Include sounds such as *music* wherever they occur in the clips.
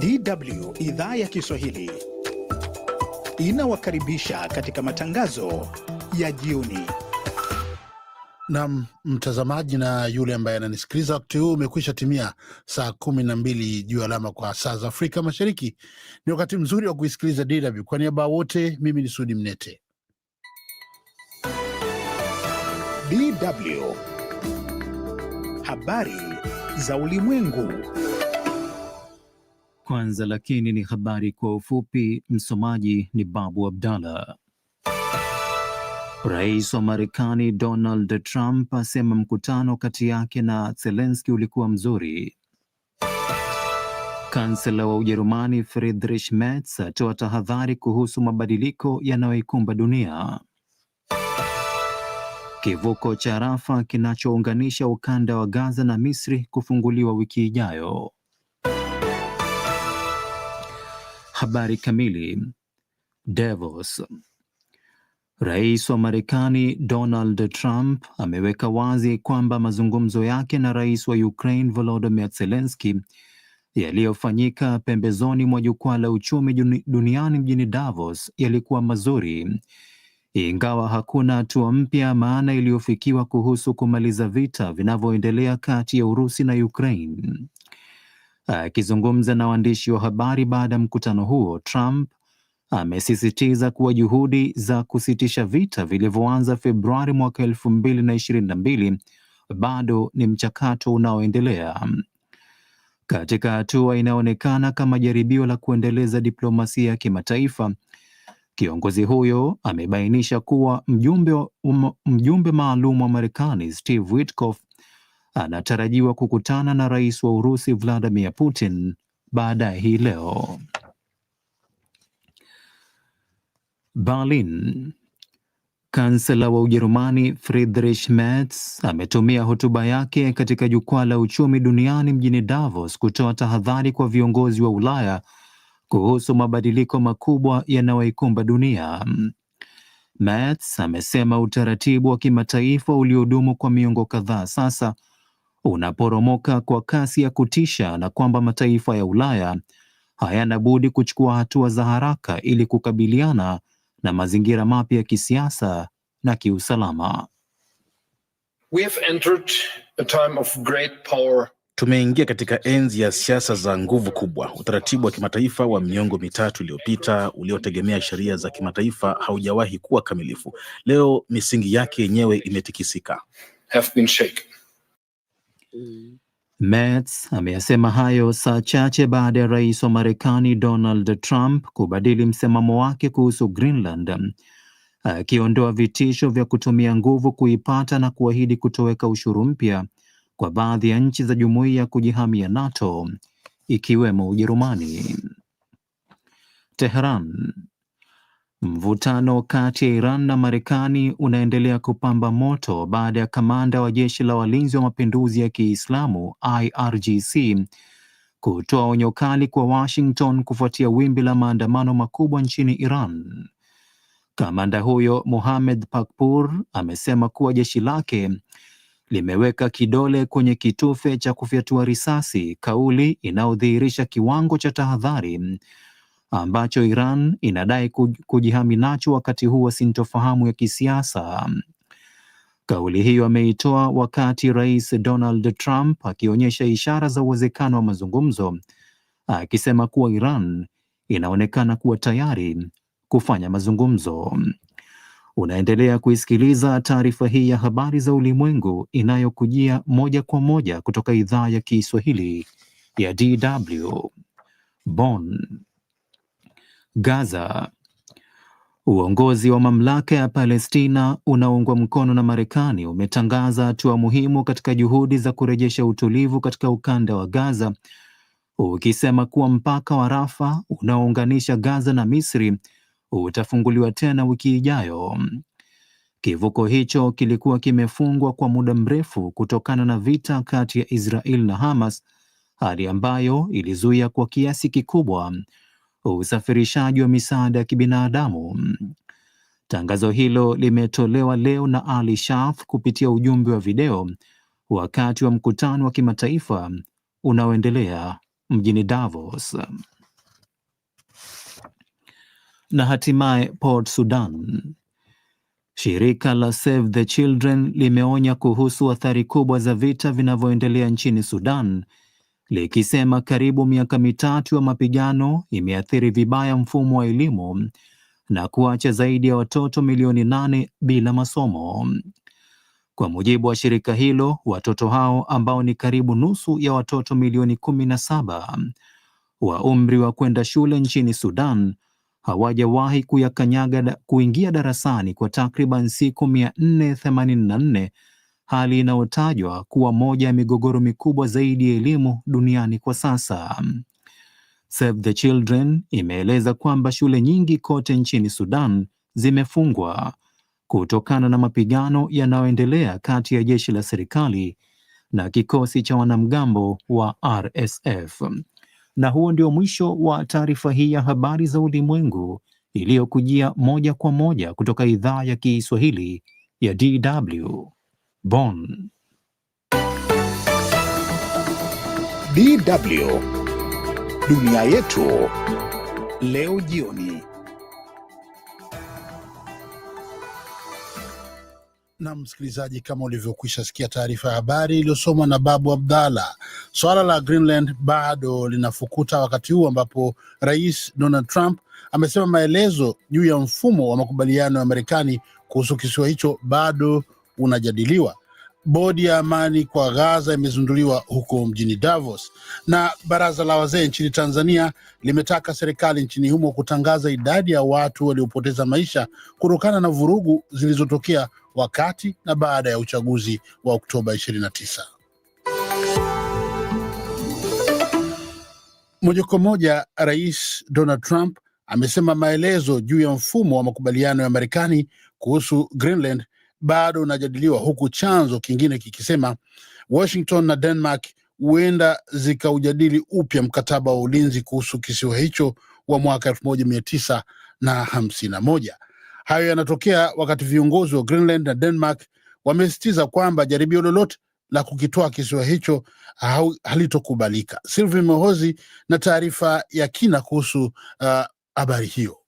DW idhaa ya Kiswahili inawakaribisha katika matangazo ya jioni. Nam mtazamaji na yule ambaye ananisikiliza wakati huu, umekwisha timia saa kumi na mbili juu alama kwa saa za Afrika Mashariki. Ni wakati mzuri wa kuisikiliza DW. Kwa niaba wote, mimi ni Sudi Mnete. DW habari za ulimwengu kwanza, lakini ni habari kwa ufupi. Msomaji ni Babu Abdalla. Rais wa Marekani Donald Trump asema mkutano kati yake na Zelenski ulikuwa mzuri. Kansela wa Ujerumani Friedrich Merz atoa tahadhari kuhusu mabadiliko yanayoikumba dunia. Kivuko cha Rafa kinachounganisha ukanda wa Gaza na Misri kufunguliwa wiki ijayo. Habari kamili. Davos. Rais wa Marekani Donald Trump ameweka wazi kwamba mazungumzo yake na rais wa Ukraine Volodymyr Zelensky yaliyofanyika pembezoni mwa jukwaa la uchumi duniani mjini Davos yalikuwa mazuri, ingawa hakuna hatua mpya maana iliyofikiwa kuhusu kumaliza vita vinavyoendelea kati ya Urusi na Ukraine. Akizungumza na waandishi wa habari baada ya mkutano huo, Trump amesisitiza kuwa juhudi za kusitisha vita vilivyoanza Februari mwaka elfu mbili na ishirini na mbili bado ni mchakato unaoendelea. Katika hatua inayoonekana kama jaribio la kuendeleza diplomasia ya kimataifa, kiongozi huyo amebainisha kuwa mjumbe, um, mjumbe maalum wa Marekani Steve Witkoff anatarajiwa kukutana na rais wa Urusi Vladimir Putin baadaye hii leo. Berlin. Kansela wa Ujerumani Friedrich Merz ametumia hotuba yake katika jukwaa la uchumi duniani mjini Davos kutoa tahadhari kwa viongozi wa Ulaya kuhusu mabadiliko makubwa yanayoikumba dunia. Merz amesema utaratibu wa kimataifa uliodumu kwa miongo kadhaa sasa unaporomoka kwa kasi ya kutisha na kwamba mataifa ya Ulaya hayana budi kuchukua hatua za haraka ili kukabiliana na mazingira mapya ya kisiasa na kiusalama. We have entered a time of great power. Tumeingia katika enzi ya siasa za nguvu kubwa. Utaratibu wa kimataifa wa miongo mitatu iliyopita uliotegemea sheria za kimataifa haujawahi kuwa kamilifu. Leo misingi yake yenyewe imetikisika. have been shaken. Merz ameyasema hayo saa chache baada ya rais wa Marekani Donald Trump kubadili msimamo wake kuhusu Greenland, akiondoa vitisho vya kutumia nguvu kuipata na kuahidi kutoweka ushuru mpya kwa baadhi ya nchi za jumuiya ya kujihamia NATO ikiwemo Ujerumani. Tehran Mvutano kati ya Iran na Marekani unaendelea kupamba moto baada ya kamanda wa jeshi la walinzi wa mapinduzi ya Kiislamu IRGC kutoa onyo kali kwa Washington kufuatia wimbi la maandamano makubwa nchini Iran. Kamanda huyo Mohamed Pakpur amesema kuwa jeshi lake limeweka kidole kwenye kitufe cha kufyatua risasi, kauli inayodhihirisha kiwango cha tahadhari ambacho Iran inadai kujihami nacho wakati huu wa sintofahamu ya kisiasa. Kauli hiyo ameitoa wakati Rais Donald Trump akionyesha ishara za uwezekano wa mazungumzo, akisema kuwa Iran inaonekana kuwa tayari kufanya mazungumzo. Unaendelea kuisikiliza taarifa hii ya habari za ulimwengu inayokujia moja kwa moja kutoka idhaa ya Kiswahili ya DW Bonn. Gaza. Uongozi wa mamlaka ya Palestina unaoungwa mkono na Marekani umetangaza hatua muhimu katika juhudi za kurejesha utulivu katika ukanda wa Gaza, ukisema kuwa mpaka wa Rafa unaounganisha Gaza na Misri utafunguliwa tena wiki ijayo. Kivuko hicho kilikuwa kimefungwa kwa muda mrefu kutokana na vita kati ya Israel na Hamas, hali ambayo ilizuia kwa kiasi kikubwa usafirishaji wa misaada ya kibinadamu. Tangazo hilo limetolewa leo na Ali Shaf kupitia ujumbe wa video wakati wa mkutano wa kimataifa unaoendelea mjini Davos. Na hatimaye Port Sudan. Shirika la Save the Children limeonya kuhusu athari kubwa za vita vinavyoendelea nchini Sudan likisema karibu miaka mitatu ya mapigano imeathiri vibaya mfumo wa elimu na kuacha zaidi ya watoto milioni nane bila masomo. Kwa mujibu wa shirika hilo, watoto hao ambao ni karibu nusu ya watoto milioni kumi na saba wa umri wa kwenda shule nchini Sudan hawajawahi kuyakanyaga da, kuingia darasani kwa takriban siku 484 hali inayotajwa kuwa moja ya migogoro mikubwa zaidi ya elimu duniani kwa sasa. Save the Children imeeleza kwamba shule nyingi kote nchini Sudan zimefungwa kutokana na mapigano yanayoendelea kati ya jeshi la serikali na kikosi cha wanamgambo wa RSF. Na huo ndio mwisho wa taarifa hii ya habari za ulimwengu iliyokujia moja kwa moja kutoka idhaa ya Kiswahili ya DW. Bonn. DW Dunia Yetu Leo Jioni. Na msikilizaji, kama ulivyokwisha sikia taarifa ya habari iliyosomwa na Babu Abdalla, swala la Greenland bado linafukuta wakati huu ambapo Rais Donald Trump amesema maelezo juu ya mfumo wa makubaliano ya Marekani kuhusu kisiwa hicho bado unajadiliwa. Bodi ya amani kwa Gaza imezinduliwa huko mjini Davos, na baraza la wazee nchini Tanzania limetaka serikali nchini humo kutangaza idadi ya watu waliopoteza maisha kutokana na vurugu zilizotokea wakati na baada ya uchaguzi wa Oktoba 29. Moja kwa moja, Rais Donald Trump amesema maelezo juu ya mfumo wa makubaliano ya Marekani kuhusu Greenland bado unajadiliwa huku chanzo kingine kikisema Washington na Denmark huenda zikaujadili upya mkataba wa ulinzi kuhusu kisiwa hicho wa mwaka moja. Hayo yanatokea wakati viongozi wa Greenland na Denmark wamesisitiza kwamba jaribio lolote la kukitoa kisiwa hicho halitokubalika. Sylvie Mohozi na taarifa ya kina kuhusu uh, habari uh, hiyo.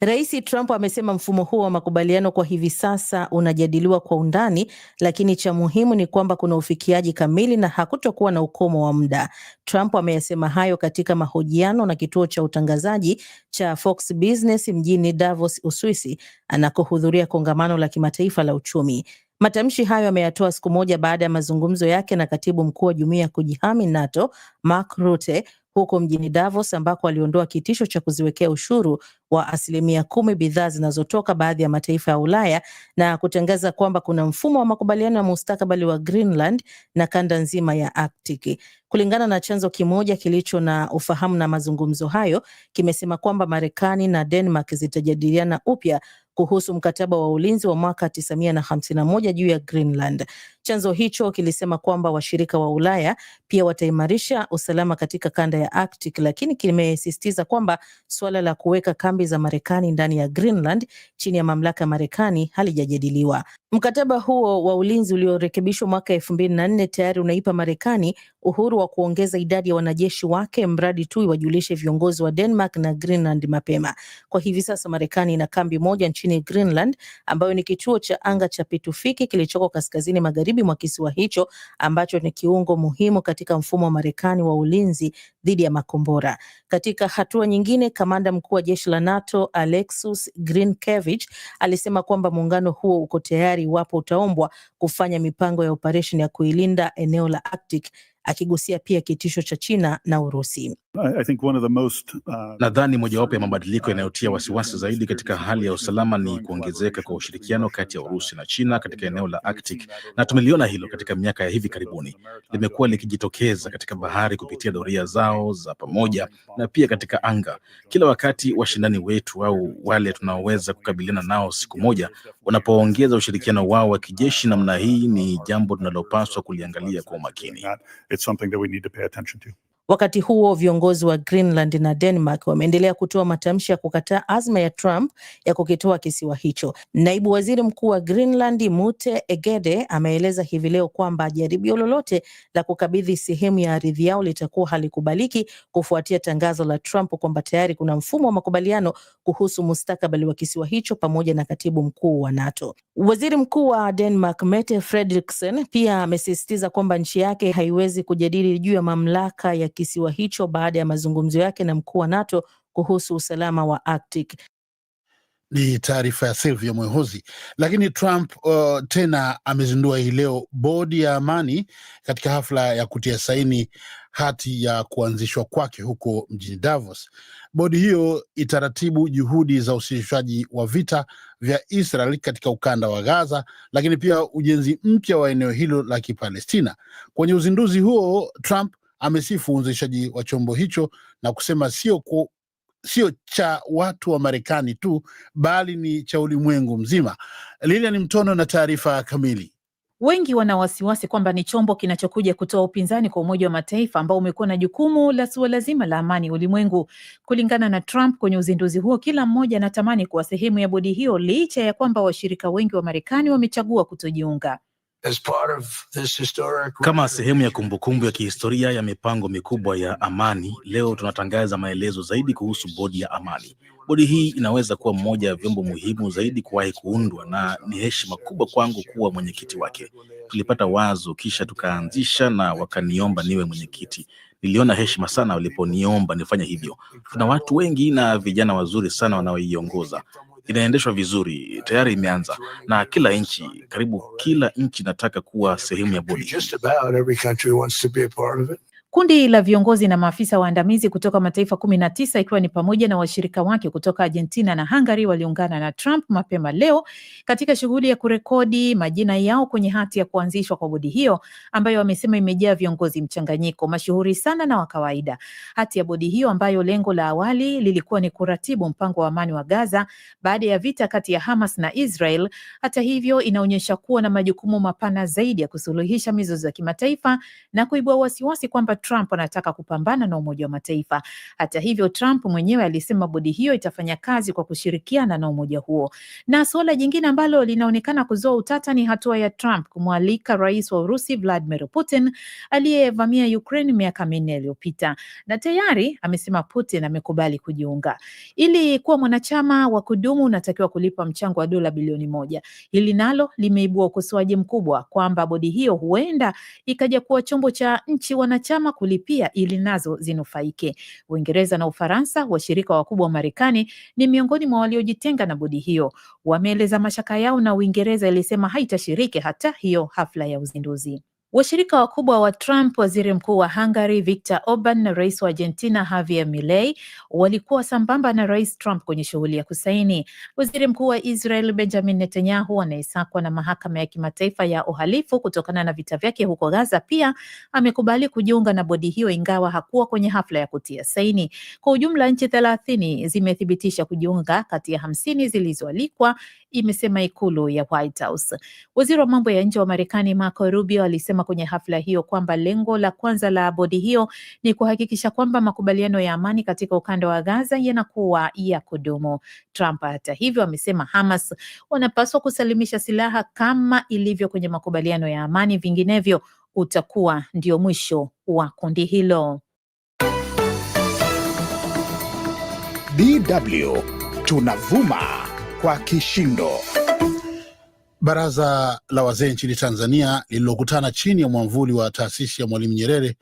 Rais Trump amesema mfumo huo wa makubaliano kwa hivi sasa unajadiliwa kwa undani, lakini cha muhimu ni kwamba kuna ufikiaji kamili na hakutokuwa na ukomo wa muda. Trump ameyasema hayo katika mahojiano na kituo cha utangazaji cha Fox Business mjini Davos, Uswisi, anakohudhuria kongamano la kimataifa la uchumi. Matamshi hayo ameyatoa siku moja baada ya mazungumzo yake na katibu mkuu wa jumuiya ya kujihami NATO Mark Rutte, huko mjini Davos ambako aliondoa kitisho cha kuziwekea ushuru wa asilimia kumi bidhaa zinazotoka baadhi ya mataifa ya Ulaya na kutangaza kwamba kuna mfumo wa makubaliano ya mustakabali wa Greenland na kanda nzima ya Arctic. Kulingana na chanzo kimoja kilicho na ufahamu na mazungumzo hayo, kimesema kwamba Marekani na Denmark zitajadiliana upya kuhusu mkataba wa ulinzi wa mwaka 1951 juu ya Greenland. Chanzo hicho kilisema kwamba washirika wa Ulaya pia wataimarisha usalama katika kanda ya Arctic, lakini kimesisitiza kwamba suala la kuweka kambi za Marekani ndani ya Greenland chini ya mamlaka ya Marekani halijajadiliwa. Mkataba huo wa ulinzi uliorekebishwa mwaka elfu mbili na nne tayari unaipa Marekani uhuru wa kuongeza idadi ya wanajeshi wake mradi tu iwajulishe viongozi wa Denmark na Greenland mapema. Kwa hivi sasa, Marekani ina kambi moja nchini Greenland ambayo ni kituo cha anga cha Pitufiki kilichoko kaskazini magharibi mwa kisiwa hicho ambacho ni kiungo muhimu katika mfumo wa Marekani wa ulinzi dhidi ya makombora. Katika hatua nyingine, kamanda mkuu wa jeshi la NATO Alexus Grinkevich alisema kwamba muungano huo uko tayari iwapo utaombwa kufanya mipango ya operesheni ya kuilinda eneo la Arctic, akigusia pia kitisho cha China na Urusi. Uh, Nadhani mojawapo ya uh, mabadiliko yanayotia uh, wasiwasi zaidi katika hali ya usalama ni kuongezeka kwa ushirikiano kati ya Urusi na China katika eneo la Arctic, na tumeliona hilo katika miaka ya hivi karibuni. Limekuwa likijitokeza katika bahari kupitia doria zao za pamoja na pia katika anga. Kila wakati washindani wetu au wale tunaoweza kukabiliana nao siku moja wanapoongeza ushirikiano wao wa kijeshi namna hii, ni jambo tunalopaswa kuliangalia kwa umakini. Wakati huo viongozi wa Greenland na Denmark wameendelea kutoa matamshi ya kukataa azma ya Trump ya kukitoa kisiwa hicho. Naibu waziri mkuu wa Greenland Mute Egede ameeleza hivi leo kwamba jaribio lolote la kukabidhi sehemu ya ardhi yao litakuwa halikubaliki kufuatia tangazo la Trump kwamba tayari kuna mfumo wa makubaliano kuhusu mustakabali wa kisiwa hicho pamoja na katibu mkuu wa NATO. Waziri mkuu wa Denmark Mette Frederiksen pia amesisitiza kwamba nchi yake haiwezi kujadili juu ya mamlaka ya kisiwa hicho baada ya mazungumzo yake na mkuu wa NATO kuhusu usalama wa Arctic. Ni taarifa ya Silvia Mwehozi. Lakini Trump uh, tena amezindua hii leo bodi ya amani katika hafla ya kutia saini hati ya kuanzishwa kwake huko mjini Davos. Bodi hiyo itaratibu juhudi za usitishaji wa vita vya Israel katika ukanda wa Gaza, lakini pia ujenzi mpya wa eneo hilo la Kipalestina. Kwenye uzinduzi huo, Trump amesifu uanzishaji wa chombo hicho na kusema sio ku, sio cha watu wa Marekani tu bali ni cha ulimwengu mzima. Lilian Mtono na taarifa kamili. Wengi wana wasiwasi kwamba ni chombo kinachokuja kutoa upinzani kwa Umoja wa Mataifa ambao umekuwa na jukumu la suala zima la amani ulimwengu. Kulingana na Trump kwenye uzinduzi huo, kila mmoja anatamani kuwa sehemu ya bodi hiyo, licha ya kwamba washirika wengi wa Marekani wamechagua kutojiunga. Kama sehemu ya kumbukumbu ya kihistoria ya mipango mikubwa ya amani, leo tunatangaza maelezo zaidi kuhusu bodi ya amani. Bodi hii inaweza kuwa mmoja ya vyombo muhimu zaidi kuwahi kuundwa, na ni heshima kubwa kwangu kuwa mwenyekiti wake. Tulipata wazo, kisha tukaanzisha, na wakaniomba niwe mwenyekiti. Niliona heshima sana waliponiomba nifanye hivyo. Tuna watu wengi na vijana wazuri sana wanaoiongoza inaendeshwa vizuri, tayari imeanza, na kila nchi, karibu kila nchi inataka kuwa sehemu ya bodi. Kundi la viongozi na maafisa waandamizi kutoka mataifa kumi na tisa ikiwa ni pamoja na washirika wake kutoka Argentina na Hungary waliungana na Trump mapema leo katika shughuli ya kurekodi majina yao kwenye hati ya kuanzishwa kwa bodi hiyo ambayo wamesema imejaa viongozi mchanganyiko mashuhuri sana na wa kawaida. Hati ya bodi hiyo ambayo lengo la awali lilikuwa ni kuratibu mpango wa amani wa Gaza baada ya vita kati ya Hamas na Israel, hata hivyo, inaonyesha kuwa na majukumu mapana zaidi ya kusuluhisha mizozo ya kimataifa na kuibua wasiwasi kwamba Trump anataka kupambana na Umoja wa Mataifa. Hata hivyo, Trump mwenyewe alisema bodi hiyo itafanya kazi kwa kushirikiana na umoja huo. Na suala jingine ambalo linaonekana kuzoa utata ni hatua ya Trump kumwalika rais wa Urusi Vladimir Putin aliyevamia Ukraine miaka minne iliyopita, na tayari amesema Putin amekubali kujiunga. Ili kuwa mwanachama wa kudumu unatakiwa kulipa mchango wa dola bilioni moja. Hili nalo limeibua ukosoaji mkubwa kwamba bodi hiyo huenda ikaja kuwa chombo cha nchi wanachama gharama kulipia ili nazo zinufaike. Uingereza na Ufaransa, washirika wakubwa wa Marekani, ni miongoni mwa waliojitenga na bodi hiyo, wameeleza mashaka yao, na Uingereza ilisema haitashiriki hata hiyo hafla ya uzinduzi. Washirika wakubwa wa Trump, waziri mkuu wa Hungary Viktor Orban na rais wa Argentina Javier Milei walikuwa sambamba na rais Trump kwenye shughuli ya kusaini. Waziri mkuu wa Israel Benjamin Netanyahu, anayesakwa na mahakama ya kimataifa ya uhalifu kutokana na vita vyake huko Gaza, pia amekubali kujiunga na bodi hiyo, ingawa hakuwa kwenye hafla ya kutia saini. Kwa ujumla, nchi thelathini zimethibitisha kujiunga kati ya hamsini zilizoalikwa, imesema ikulu ya White House. Waziri wa mambo ya nje wa Marekani Marco Rubio alisema alisema kwenye hafla hiyo kwamba lengo la kwanza la bodi hiyo ni kuhakikisha kwamba makubaliano ya amani katika ukanda wa Gaza yanakuwa ya kudumu. Trump hata hivyo amesema Hamas wanapaswa kusalimisha silaha kama ilivyo kwenye makubaliano ya amani, vinginevyo utakuwa ndio mwisho wa kundi hilo. DW tunavuma kwa kishindo. Baraza la wazee nchini Tanzania lililokutana chini ya mwamvuli wa taasisi ya Mwalimu Nyerere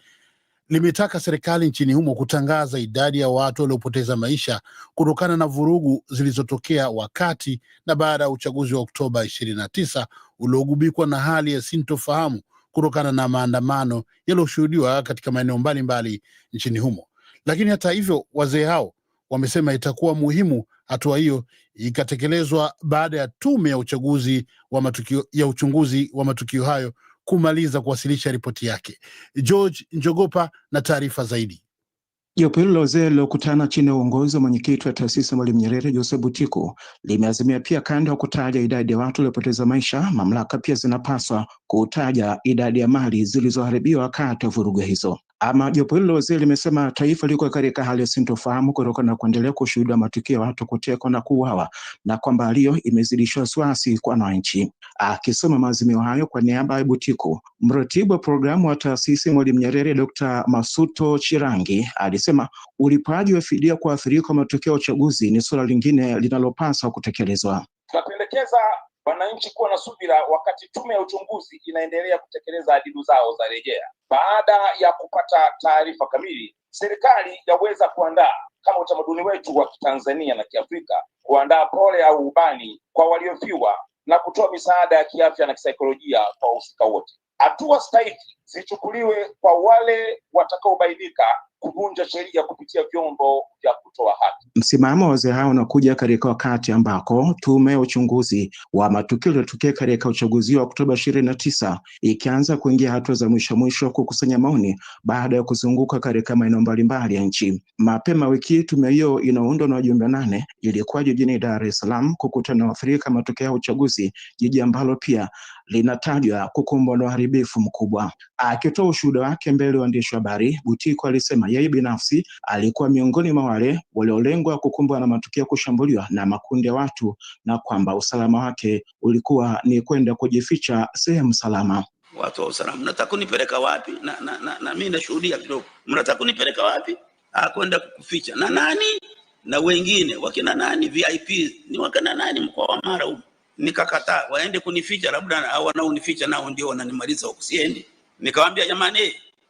limetaka serikali nchini humo kutangaza idadi ya watu waliopoteza maisha kutokana na vurugu zilizotokea wakati na baada ya uchaguzi wa Oktoba 29 uliogubikwa na hali ya sintofahamu kutokana na maandamano yaliyoshuhudiwa katika maeneo mbalimbali nchini humo. Lakini hata hivyo, wazee hao wamesema itakuwa muhimu Hatua hiyo ikatekelezwa baada ya tume ya uchaguzi wa matukio, ya uchunguzi wa matukio hayo kumaliza kuwasilisha ripoti yake. George Njogopa na taarifa zaidi. Jopo hilo la wazee lilokutana chini ya uongozi wa mwenyekiti wa taasisi ya Mwalimu Nyerere Joseph Butiku limeazimia pia, kando ya kutaja idadi ya watu waliopoteza maisha, mamlaka pia zinapaswa kutaja idadi ya mali zilizoharibiwa wakati wa vurugu hizo. Ama jopo hilo la wazee limesema taifa liko katika hali ya sintofahamu kutokana na kuendelea kushuhudia matukio ya watu kutekwa na kuuawa, na kwamba hiyo imezidisha wasiwasi kwa wananchi. Akisoma maazimio hayo kwa niaba ya Butiku, mratibu wa programu wa taasisi Mwalimu Nyerere Dr. Masuto Chirangi amesema ulipaji wa fidia kwa waathirika wa matokeo ya uchaguzi ni suala lingine linalopaswa kutekelezwa. Tunapendekeza wananchi kuwa na subira wakati tume ya uchunguzi inaendelea kutekeleza adidu zao za rejea. Baada ya kupata taarifa kamili, serikali yaweza kuandaa kama utamaduni wetu wa Kitanzania na Kiafrika, kuandaa pole au ubani kwa waliofiwa na kutoa misaada ya kiafya na kisaikolojia kwa wahusika wote. Hatua stahiki zichukuliwe kwa wale watakaobaidika kuvunja sheria kupitia vyombo vya kutoa haki. Msimamo wa wazee hao unakuja katika wakati ambako tume ya uchunguzi wa matukio yaliyotokea katika uchaguzi wa Oktoba ishirini na tisa ikianza kuingia hatua za mwisho mwisho kukusanya maoni baada ya kuzunguka katika maeneo mbalimbali ya nchi. Mapema wiki tume hiyo inaundwa na wajumbe nane ilikuwa jijini Dar es Salaam kukutana na waathirika matokeo ya uchaguzi, jiji ambalo pia linatajwa kukumbwa na uharibifu mkubwa. Akitoa ushuhuda wake mbele waandishi wa habari, Butiko alisema yeye binafsi alikuwa miongoni mwa wale waliolengwa kukumbwa na matukio ya kushambuliwa na makundi ya watu na kwamba usalama wake ulikuwa ni kwenda kujificha sehemu salama. Watu wa usalama, mnataka kunipeleka wapi? Na, na, na, na mimi nashuhudia kidogo, mnataka kunipeleka wapi? Akwenda ah, kuficha na nani? Na wengine wakina nani? VIP ni wakina nani? Mkoa wa Mara huu nikakataa, waende kunificha, labda wanaonificha nao ndio wananimaliza huku, siendi. Nikawaambia jamani,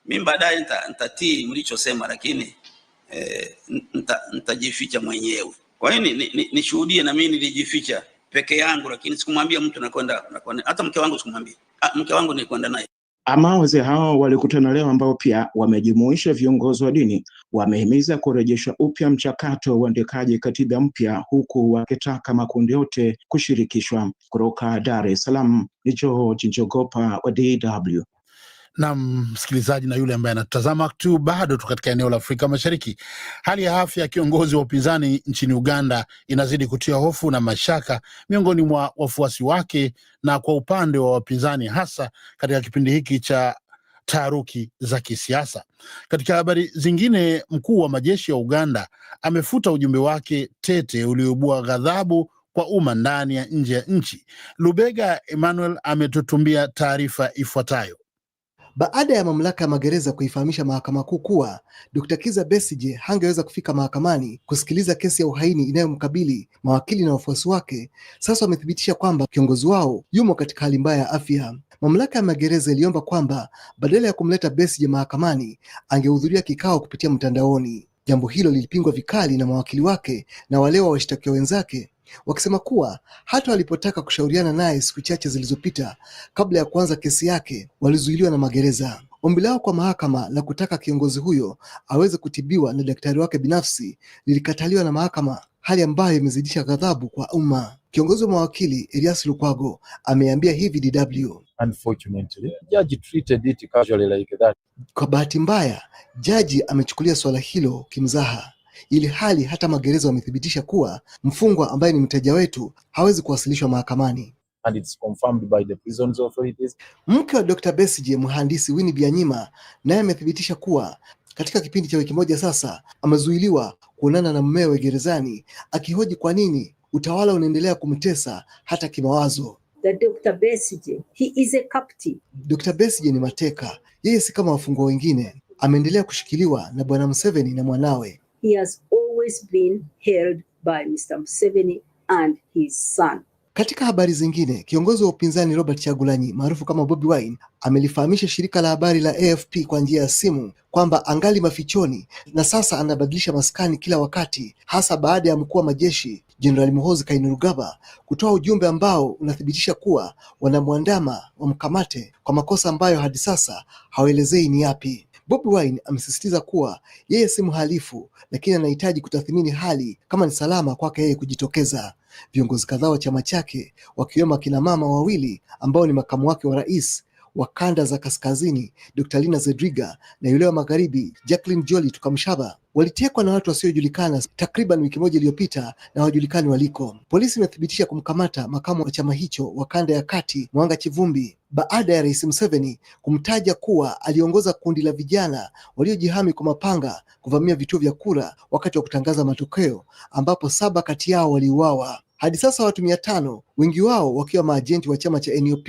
mimi baadaye nitatii mlichosema, lakini eh, nitajificha mwenyewe. Kwa hiyo nishuhudie, ni, ni, ni na mimi nilijificha peke yangu, lakini sikumwambia mtu nakwenda, nakwenda hata mke wangu sikumwambia, ah, mke wangu nilikwenda naye. Ama wazee hao walikutana leo ambao pia wamejumuisha viongozi wa dini Wamehimiza kurejeshwa upya mchakato wa uandikaji katiba mpya huku wakitaka makundi yote kushirikishwa. Kutoka Dar es Salaam ni George Njogopa wa DW. Nam msikilizaji na yule ambaye anatutazama tu, bado tu katika eneo la Afrika Mashariki. Hali ya afya ya kiongozi wa upinzani nchini Uganda inazidi kutia hofu na mashaka miongoni mwa wafuasi wake na kwa upande wa wapinzani, hasa katika kipindi hiki cha taharuki za kisiasa. Katika habari zingine, mkuu wa majeshi ya Uganda amefuta ujumbe wake tete ulioibua ghadhabu kwa umma ndani ya nje ya nchi. Lubega Emmanuel ametutumbia taarifa ifuatayo. Baada ya mamlaka ya magereza kuifahamisha mahakama kuu kuwa Dkt. Kiza Besije hangeweza kufika mahakamani kusikiliza kesi ya uhaini inayomkabili, mawakili na wafuasi wake sasa wamethibitisha kwamba kiongozi wao yumo katika hali mbaya ya afya. Mamlaka ya magereza iliomba kwamba badala ya kumleta Besije mahakamani angehudhuria kikao kupitia mtandaoni. Jambo hilo lilipingwa vikali na mawakili wake na wale wa washtakiwa wenzake wakisema kuwa hata walipotaka kushauriana naye siku chache zilizopita kabla ya kuanza kesi yake walizuiliwa na magereza. Ombi lao kwa mahakama la kutaka kiongozi huyo aweze kutibiwa na daktari wake binafsi lilikataliwa na mahakama, hali ambayo imezidisha ghadhabu kwa umma. Kiongozi wa mawakili Elias Lukwago ameambia hivi DW, like Kwa bahati mbaya jaji amechukulia suala hilo kimzaha ili hali hata magereza wamethibitisha kuwa mfungwa ambaye ni mteja wetu hawezi kuwasilishwa mahakamani. And it's confirmed by the prisons authorities. Mke wa Dr. Besigye, mhandisi Winnie Byanyima, naye amethibitisha kuwa katika kipindi cha wiki moja sasa amezuiliwa kuonana na mmewe gerezani, akihoji kwa nini utawala unaendelea kumtesa hata kimawazo. Dr. Dr. Besigye ni mateka, yeye si kama wafungwa wengine. Ameendelea kushikiliwa na Bwana Museveni na mwanawe he has always been held by Mr. Museveni and his son. Katika habari zingine, kiongozi wa upinzani Robert Chagulanyi maarufu kama Bobi Wine amelifahamisha shirika la habari la AFP kwa njia ya simu kwamba angali mafichoni na sasa anabadilisha maskani kila wakati, hasa baada ya mkuu wa majeshi Jenerali Muhoozi Kainerugaba kutoa ujumbe ambao unathibitisha kuwa wanamwandama wamkamate kwa makosa ambayo hadi sasa hawaelezei ni yapi. Bobi Wine amesisitiza kuwa yeye si mhalifu, lakini anahitaji kutathmini hali kama ni salama kwake yeye kujitokeza. Viongozi kadhaa wa chama chake wakiwemo akina mama wawili ambao ni makamu wake wa rais wa kanda za kaskazini Dr. Lina Zedriga na yule wa magharibi Jacqueline Joli Tukamshaba walitekwa na watu wasiojulikana takriban wiki moja iliyopita na hawajulikani waliko. Polisi imethibitisha kumkamata makamu wa chama hicho wa kanda ya kati Mwanga Chivumbi baada ya Rais Museveni kumtaja kuwa aliongoza kundi la vijana waliojihami kwa mapanga kuvamia vituo vya kura wakati wa kutangaza matokeo ambapo saba kati yao waliuawa. Hadi sasa watu mia tano, wengi wao wakiwa maajenti wa chama cha NUP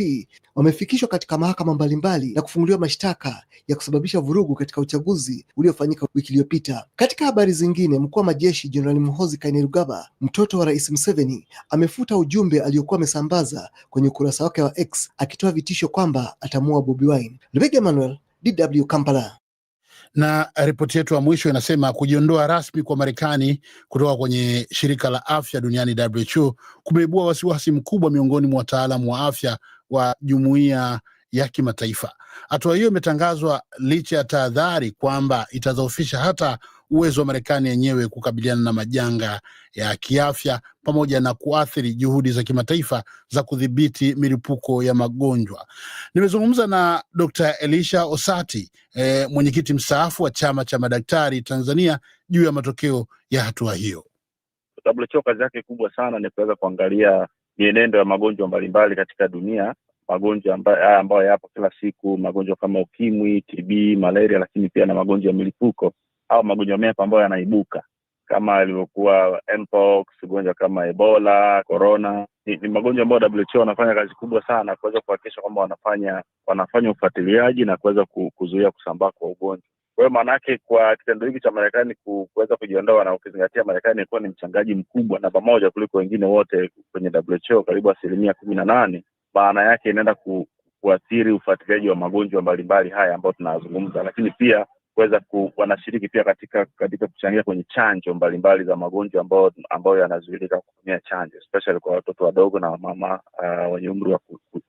wamefikishwa katika mahakama mbalimbali na kufunguliwa mashtaka ya kusababisha vurugu katika uchaguzi uliofanyika wiki iliyopita. Katika habari zingine, mkuu wa majeshi Jenerali Muhoozi Kainerugaba, mtoto wa Rais Museveni, amefuta ujumbe aliokuwa amesambaza kwenye ukurasa wake wa X akitoa vitisho kwamba atamuua Bobi Wine. Lubega Emmanuel, DW Kampala. Na ripoti yetu ya mwisho inasema kujiondoa rasmi kwa Marekani kutoka kwenye shirika la afya duniani WHO kumeibua wasiwasi mkubwa miongoni mwa wataalamu wa afya wa jumuiya ya kimataifa. Hatua hiyo imetangazwa licha ya tahadhari kwamba itadhoofisha hata uwezo wa Marekani yenyewe kukabiliana na majanga ya kiafya pamoja na kuathiri juhudi za kimataifa za kudhibiti milipuko ya magonjwa. Nimezungumza na Dr. Elisha Osati e, mwenyekiti mstaafu wa chama cha madaktari Tanzania juu ya matokeo ya hatua hiyo. WHO kazi yake kubwa sana ni kuweza kuangalia mienendo ya magonjwa mbalimbali katika dunia, magonjwa haya ambayo yapo kila siku, magonjwa kama ukimwi, TB, malaria, lakini pia na magonjwa ya milipuko au magonjwa mepa ambayo yanaibuka kama ilivyokuwa mpox, ugonjwa kama Ebola, corona. Ni, ni magonjwa ambayo WHO wanafanya kazi kubwa sana kuweza kuhakikisha kwamba wanafanya wanafanya ufuatiliaji na kuweza kuzuia kusambaa kwa ugonjwa. Kwa hiyo maanake, kwa kitendo hiki cha Marekani kuweza kujiondoa na ukizingatia Marekani ikuwa ni mchangaji mkubwa namba moja kuliko wengine wote kwenye WHO karibu asilimia kumi na nane, maana yake inaenda ku, kuathiri ufuatiliaji wa magonjwa mbalimbali haya ambayo tunayazungumza, lakini pia kuweza ku, wanashiriki pia katika katika kuchangia kwenye chanjo mbalimbali za magonjwa ambayo ambayo yanazuilika kutumia chanjo especially kwa watoto wadogo na wamama uh, wenye umri wa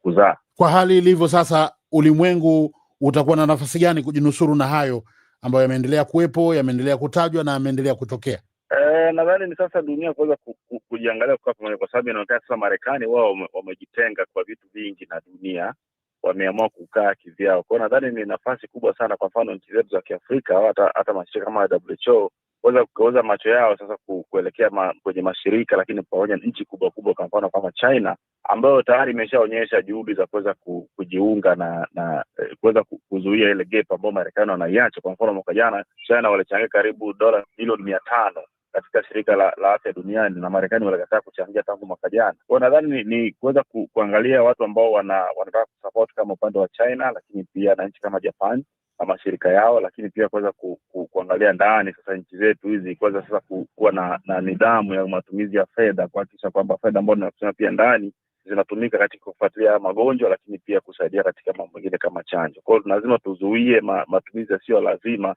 kuzaa. Kwa hali ilivyo sasa, ulimwengu utakuwa na nafasi gani kujinusuru na hayo ambayo yameendelea kuwepo, yameendelea kutajwa na yameendelea kutokea? Eh, nadhani ni sasa dunia kuweza ku, ku, kujiangalia kwa pamoja, kwa sababu inaonekana sasa Marekani wao wamejitenga kwa vitu vingi na dunia wameamua kukaa kivyao kwao. Nadhani ni nafasi kubwa sana, kwa mfano nchi zetu za Kiafrika au hata hata mashirika kama WHO kuweza kugeuza macho yao sasa kuelekea ma, kwenye mashirika, lakini pamoja na nchi kubwa kubwa, kwa mfano kama China ambayo tayari imeshaonyesha juhudi za kuweza ku, kujiunga na na eh, kuweza kuzuia ile gap ambayo Marekani wanaiacha. Kwa mfano mwaka jana China walichangia karibu dola milioni mia tano katika shirika la, la afya duniani na Marekani walikataa kuchangia tangu mwaka jana. Kwa nadhani ni, ni kuweza ku, kuangalia watu ambao wana, wanataka kusupport kama upande wa China, lakini pia na nchi kama Japan na mashirika yao, lakini pia kuweza ku, ku, kuangalia ndani sasa nchi zetu hizi kuweza sasa ku, kuwa na, na nidhamu ya matumizi ya fedha kuhakikisha kwamba fedha ambao tunakusanya pia ndani zinatumika katika kufuatilia magonjwa, lakini pia kusaidia katika mambo mengine kama chanjo. Kwa hiyo lazima tuzuie ma, matumizi yasiyo lazima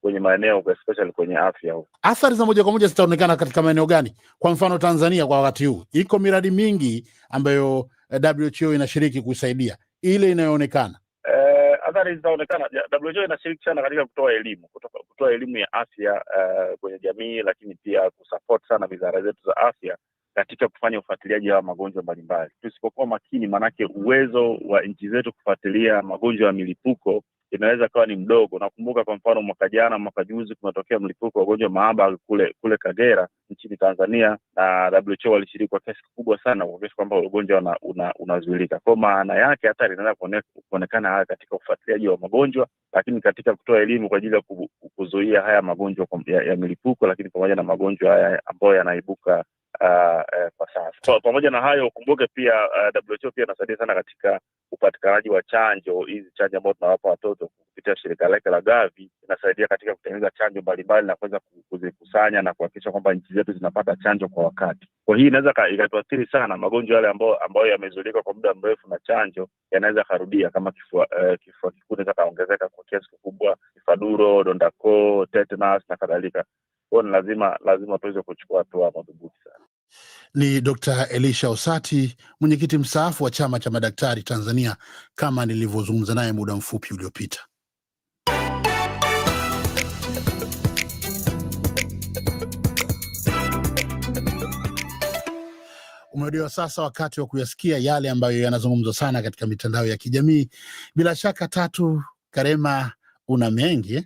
kwenye maeneo especially kwenye afya huko. Athari za moja kwa moja zitaonekana katika maeneo gani? Kwa mfano Tanzania kwa wakati huu iko miradi mingi ambayo eh, WHO inashiriki kusaidia ile inayoonekana eh, athari zitaonekana. WHO inashiriki sana katika kutoa elimu, kutoa elimu ya afya uh, kwenye jamii, lakini pia kusupport sana wizara zetu za afya katika kufanya ufuatiliaji wa magonjwa mbalimbali. Tusipokuwa makini, maanake uwezo wa nchi zetu kufuatilia magonjwa ya milipuko inaweza kawa ni mdogo. Nakumbuka kwa mfano mwaka jana, mwaka juzi kumetokea mlipuko wa ugonjwa maaba kule kule Kagera nchini Tanzania, na WHO walishiriki kwa kiasi kikubwa sana kuhakikisha kwamba ugonjwa unazuilika. Una kwa maana yake hatari inaweza kuonekana haya katika ufuatiliaji wa magonjwa, lakini katika kutoa elimu kwa ajili ya kuzuia haya magonjwa ya, ya milipuko, lakini pamoja na magonjwa haya ambayo yanaibuka uh, eh, kwa sasa. pamoja na hayo ukumbuke pia uh, WHO pia inasaidia sana katika upatikanaji wa chanjo hizi chanjo ambazo tunawapa watoto kupitia shirika lake la Gavi inasaidia katika kutengeneza chanjo mbalimbali na kuweza kuzikusanya na kuhakikisha kwamba nchi zetu zinapata chanjo kwa wakati. Kwa hii inaweza ikatuathiri sana magonjwa yale ambayo, ambayo yamezuilika kwa muda mrefu na chanjo yanaweza karudia kama kifua uh, kifua kikuu inaweza kaongezeka kwa kiasi kikubwa, kifaduro, dondako, tetanus na kadhalika. Kwao ni lazima lazima tuweze kuchukua hatua madhubuti sana. Ni Dr. Elisha Osati, mwenyekiti mstaafu wa chama cha madaktari Tanzania, kama nilivyozungumza naye muda mfupi uliopita. umeodewa sasa wakati wa kuyasikia yale ambayo yanazungumzwa sana katika mitandao ya kijamii. Bila shaka, Tatu Karema, una mengi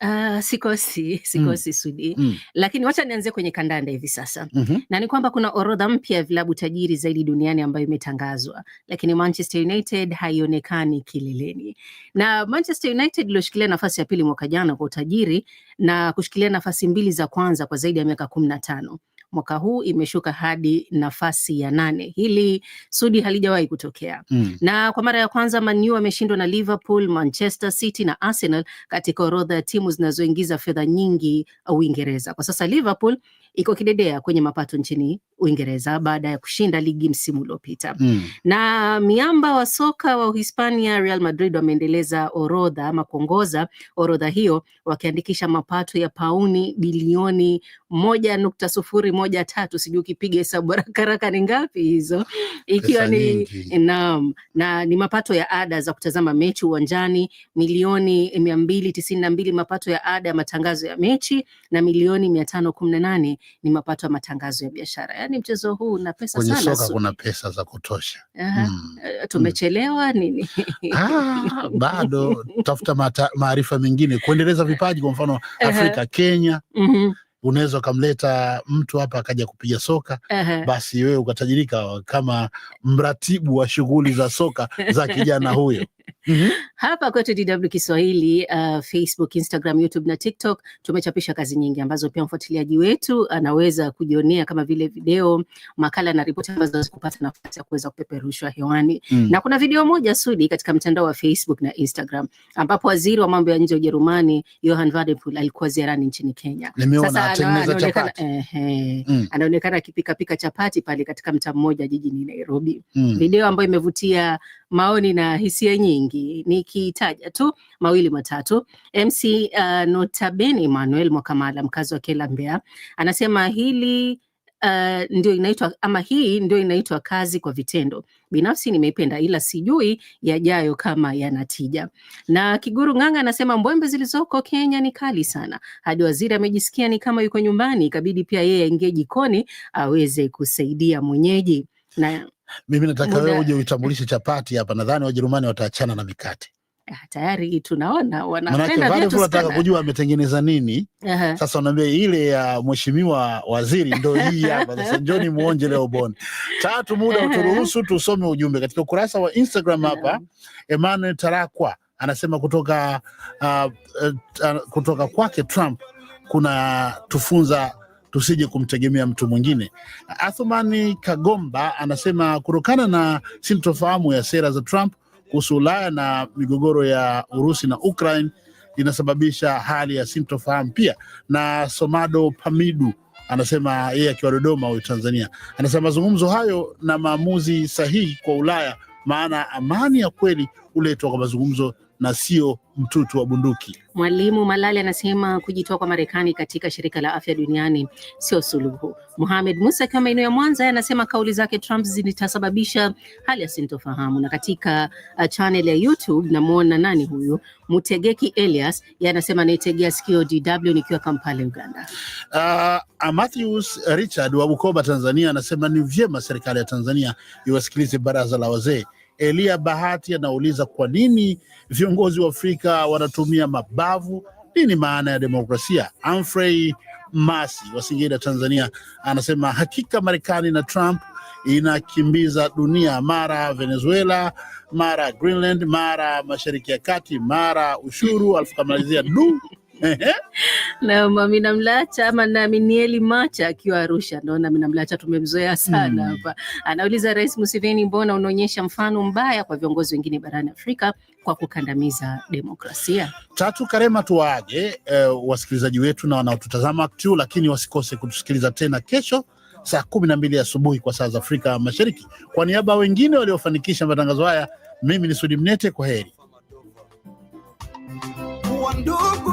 Uh, sikosi *laughs* sikosi mm. Sudi mm. Lakini wacha nianzie kwenye kandanda hivi sasa mm -hmm. Na ni kwamba kuna orodha mpya ya vilabu tajiri zaidi duniani ambayo imetangazwa, lakini Manchester United haionekani kileleni, na Manchester United iliyoshikilia nafasi ya pili mwaka jana kwa utajiri na kushikilia nafasi mbili za kwanza kwa zaidi ya miaka kumi na tano mwaka huu imeshuka hadi nafasi ya nane. Hili sudi halijawahi kutokea mm. na kwa mara ya kwanza Man U ameshindwa na Liverpool, Manchester City na Arsenal katika orodha ya timu zinazoingiza fedha nyingi uh, Uingereza. Kwa sasa Liverpool iko kidedea kwenye mapato nchini Uingereza baada ya kushinda ligi msimu uliopita mm. na miamba wa soka wa Uhispania Real Madrid wameendeleza orodha ama kuongoza orodha hiyo wakiandikisha mapato ya pauni bilioni moja nukta sufuri moja tatu, sijui ukipiga hesabu haraka haraka ni ngapi hizo, ikiwa ni naam, na ni mapato ya ada za kutazama mechi uwanjani milioni mia mbili tisini na mbili mapato ya ada ya matangazo ya mechi, na milioni mia tano kumi na nane ni mapato ya matangazo ya biashara. Yani mchezo huu una pesa sana, kwenye soka kuna pesa za kutosha. Hmm. Tumechelewa mm. nini? Ah, bado *laughs* tafuta maarifa mengine kuendeleza vipaji, kwa mfano Afrika, Kenya. mm -hmm unaweza ukamleta mtu hapa akaja kupiga soka -huh. Basi wewe ukatajirika kama mratibu wa shughuli za soka za kijana huyo. *laughs* -hmm. Hapa kwetu DW Kiswahili uh, Facebook, Instagram, YouTube na TikTok tumechapisha kazi nyingi ambazo pia mfuatiliaji wetu anaweza kujionea kama vile video, makala na ripoti ambazo zikupata nafasi ya kuweza kupeperushwa hewani mm -hmm. Na kuna video moja Sudi katika mtandao wa Facebook na Instagram ambapo waziri wa mambo ya nje wa Ujerumani Johann Wadephul alikuwa ziarani nchini Kenya. Sasa anaonekana mm. akipikapika chapati pale katika mtaa mmoja jijini Nairobi mm. Video ambayo imevutia maoni na hisia nyingi, nikitaja tu mawili matatu. MC uh, Notabene Emmanuel Mwakamala, mkazi wa Kela, Mbeya, anasema hili Uh, ndio inaitwa ama hii ndio inaitwa kazi kwa vitendo. Binafsi nimeipenda ila sijui yajayo kama yanatija. Na Kiguru Ng'anga anasema mbwembe zilizoko Kenya ni kali sana, hadi waziri amejisikia ni kama yuko nyumbani, ikabidi pia yeye aingie jikoni aweze kusaidia mwenyeji na mimi nataka wewe uje uitambulishe chapati hapa. Nadhani Wajerumani wataachana na mikate ah, tayari tunaona kujua ametengeneza nini. uh -huh. Sasa unaambia ile ya uh, mheshimiwa waziri ndo hii *laughs* hapa sasa, njoni muonje leo bone tatu. Muda uturuhusu tusome ujumbe katika ukurasa wa Instagram hapa. uh -huh. Emmanuel Tarakwa anasema kutoka, uh, uh, kutoka kwake Trump kuna tufunza tusije kumtegemea mtu mwingine. Athumani Kagomba anasema kutokana na sintofahamu ya sera za Trump kuhusu Ulaya na migogoro ya Urusi na Ukraine inasababisha hali ya sintofahamu pia. Na Somado Pamidu anasema yeye akiwa Dodoma, huyu Tanzania, anasema mazungumzo hayo na maamuzi sahihi kwa Ulaya, maana amani ya kweli huletwa kwa mazungumzo na sio mtutu wa bunduki. Mwalimu malali anasema kujitoa kwa Marekani katika shirika la afya duniani sio suluhu. muhamed Musa akiwa maeneo ya Mwanza anasema kauli zake Trump zitasababisha hali ya sintofahamu. Na katika uh, channel ya YouTube namwona nani huyu Mutegeki Elias, y anasema anaitegea sikio DW nikiwa Kampala, Uganda. Uh, uh, Matthews Richard wa Bukoba, Tanzania anasema ni vyema serikali ya Tanzania iwasikilize baraza la wazee Elia Bahati anauliza kwa nini viongozi wa Afrika wanatumia mabavu, nini maana ya demokrasia? Amfrey Masi wa Singida, Tanzania, anasema hakika Marekani na Trump inakimbiza dunia, mara Venezuela, mara Greenland, mara mashariki ya kati, mara ushuru, alafu kamalizia du *laughs* Naam, Amina Mlacha ama na Minieli Macha akiwa Arusha. Naona Amina Mlacha tumemzoea sana hmm. hapa hmm. Anauliza Rais Museveni, mbona unaonyesha mfano mbaya kwa viongozi wengine barani Afrika kwa kukandamiza demokrasia? Tatu Karema, tuwaaje uh, eh, wasikilizaji wetu na wanaotutazama tu, lakini wasikose kutusikiliza tena kesho saa kumi na mbili asubuhi kwa saa za Afrika Mashariki. Kwa niaba wengine waliofanikisha matangazo haya, mimi ni Sudi Mnete, kwa heri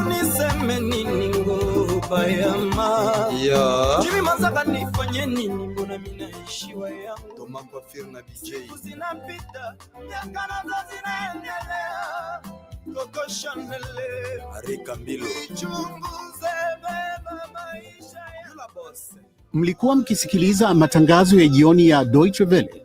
niseme nini? bayama mazaka, nifanye nini? Mbona Toma kwa fir na BJ, zinapita, miaka nazo zinaendelea. Chanel Arika Mbilo, chunguze maisha boss. Mlikuwa mkisikiliza matangazo ya jioni ya Deutsche Welle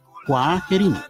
Kwaherini.